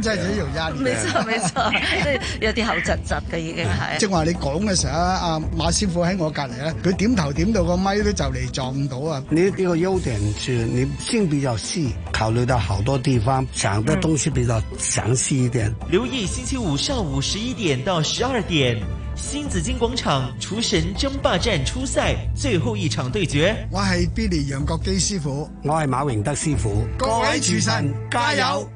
真係自己用音沒錯，沒錯， 有啲口窒窒嘅已經係。正話你講嘅時候，阿阿馬師傅喺我隔籬咧，佢點頭點到個咪都就嚟撞到啊！你呢個優點住，你心比較細，考慮到好多地方，想嘅東西比較詳細一點。嗯、留意星期五上午十一點到十二點，新紫荊廣場廚神爭霸戰初賽最後一場對決。我係 Billy 楊國基師傅，我係馬榮德師傅，各位廚神加油！加油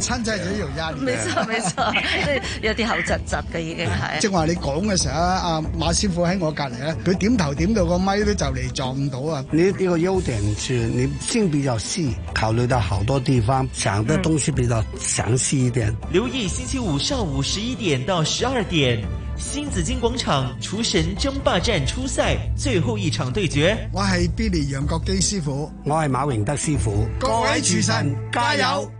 親戚仔又一樣嘅，沒錯沒錯，即係 有啲口窒窒嘅已經係。正話你講嘅時候咧，阿、啊、馬師傅喺我隔籬咧，佢點頭點到個咪都就嚟撞到啊！你呢個優點住，你先比較細，考慮到好多地方，想啲東西比較詳細一點。嗯、留意星期五上午十一點到十二點，新紫荊廣場廚神爭霸戰初賽最後一場對決。我係 Billy 楊國基師傅，我係馬榮德師傅，各位廚神加油！加油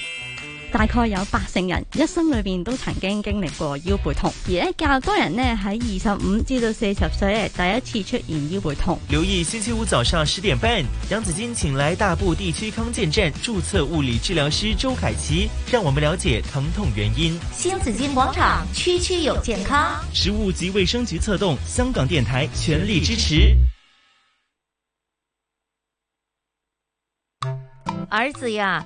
大概有八成人一生裏面都曾經經歷過腰背痛，而呢較多人呢喺二十五至到四十歲第一次出現腰背痛。留意星期五早上十點半，楊子矜請來大埔地區康健站註冊物理治療師周凱琪，讓我們了解疼痛原因。新紫荊廣場區區有健康，食物及衛生局策動，香港電台全力支持。兒子呀！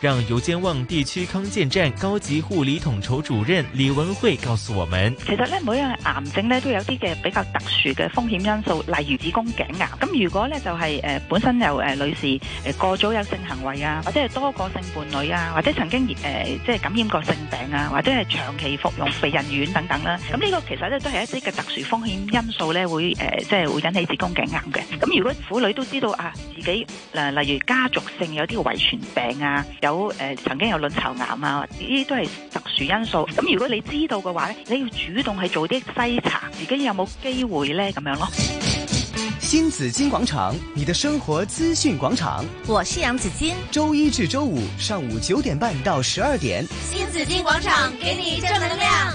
讓油尖旺地區康健站高級護理統籌主任李文慧告訴我們：其實咧每樣癌症咧都有啲嘅比較特殊嘅風險因素，例如子宮頸癌。咁如果咧就係、是、誒、呃、本身有誒、呃、女士誒過早有性行為啊，或者係多個性伴侶啊，或者曾經誒、呃、即係感染過性病啊，或者係長期服用避孕丸等等啦、啊。咁呢個其實咧都係一啲嘅特殊風險因素咧會誒、呃、即係會引起子宮頸癌嘅。咁如果婦女都知道啊自己誒、呃、例如家族性有啲遺傳病啊。有誒、呃，曾經有卵巢癌啊，呢啲都係特殊因素。咁如果你知道嘅話咧，你要主動去做啲篩查，自己有冇機會咧咁樣咯。新紫荊廣場，你的生活資訊廣場，我是楊子矜，周一至周五上午九點半到十二點，新紫荊廣場給你正能量。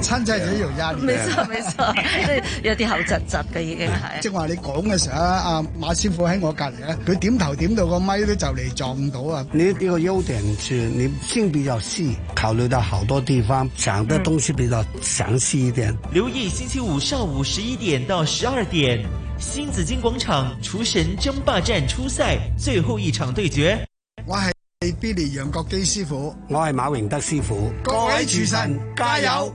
真真係要依樣嘅，冇錯冇錯，即 係 有啲口窒疾嘅已經係。即係話你講嘅時候咧，阿、啊、馬師傅喺我隔離咧，佢點頭點到個咪都就嚟撞唔到啊！你呢個優點係你心比較細，考慮到好多地方，想嘅東西比較詳細一點、嗯。留意星期五上午十一點到十二點，新紫荊廣場廚神爭霸戰初賽最後一場對決。我係 Billy 楊國基師傅，我係馬榮德師傅，各位廚神加油！加油！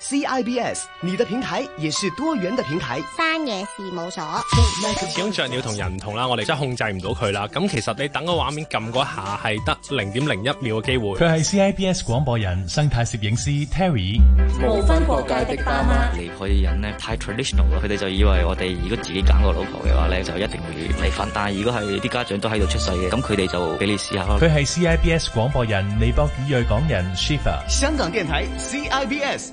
CIBS 你的平台也是多元的平台。山野事務所。始終雀鳥同人唔同啦，我哋真係控制唔到佢啦。咁其實你等個畫面撳嗰下係得零點零一秒嘅機會。佢係 CIBS 廣播人生態攝影師 Terry。無分國界的巴馬離開嘅人呢，太 traditional 啦。佢哋就以為我哋如果自己揀個老婆嘅話咧，就一定會離婚。但係如果係啲家長都喺度出世嘅，咁佢哋就俾你試一下咯。佢係 CIBS 廣播人尼泊爾裔港人 Shiva。香港電台 CIBS。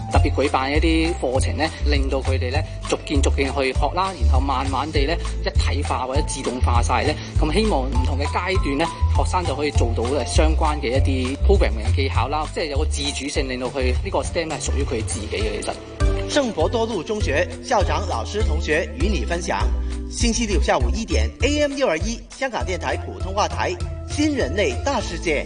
特別舉辦一啲課程咧，令到佢哋咧逐漸逐漸去學啦，然後慢慢地咧一體化或者自動化晒咧，咁希望唔同嘅階段咧學生就可以做到相關嘅一啲 programming 嘅技巧啦，即係有個自主性，令到佢呢個 STEM 係屬於佢自己嘅。其實，聖伯多祿中學校長老師同學與你分享，星期六下午一點，AM 六二一香港電台普通話台，新人類大世界。